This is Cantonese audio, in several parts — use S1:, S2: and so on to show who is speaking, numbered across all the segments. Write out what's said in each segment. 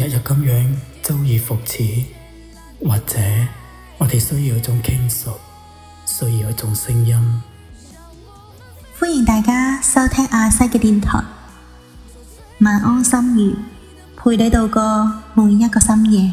S1: 日日咁樣周而復始，或者我哋需要一種傾訴，需要一種聲音。
S2: 歡迎大家收聽阿西嘅電台，晚安心語，陪你度過每一個深夜。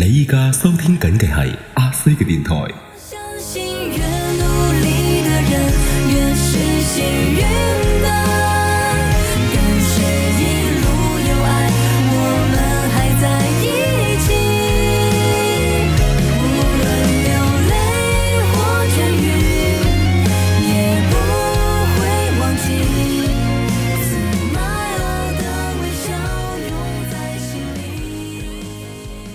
S1: 你而家收聽緊嘅係阿西嘅電台。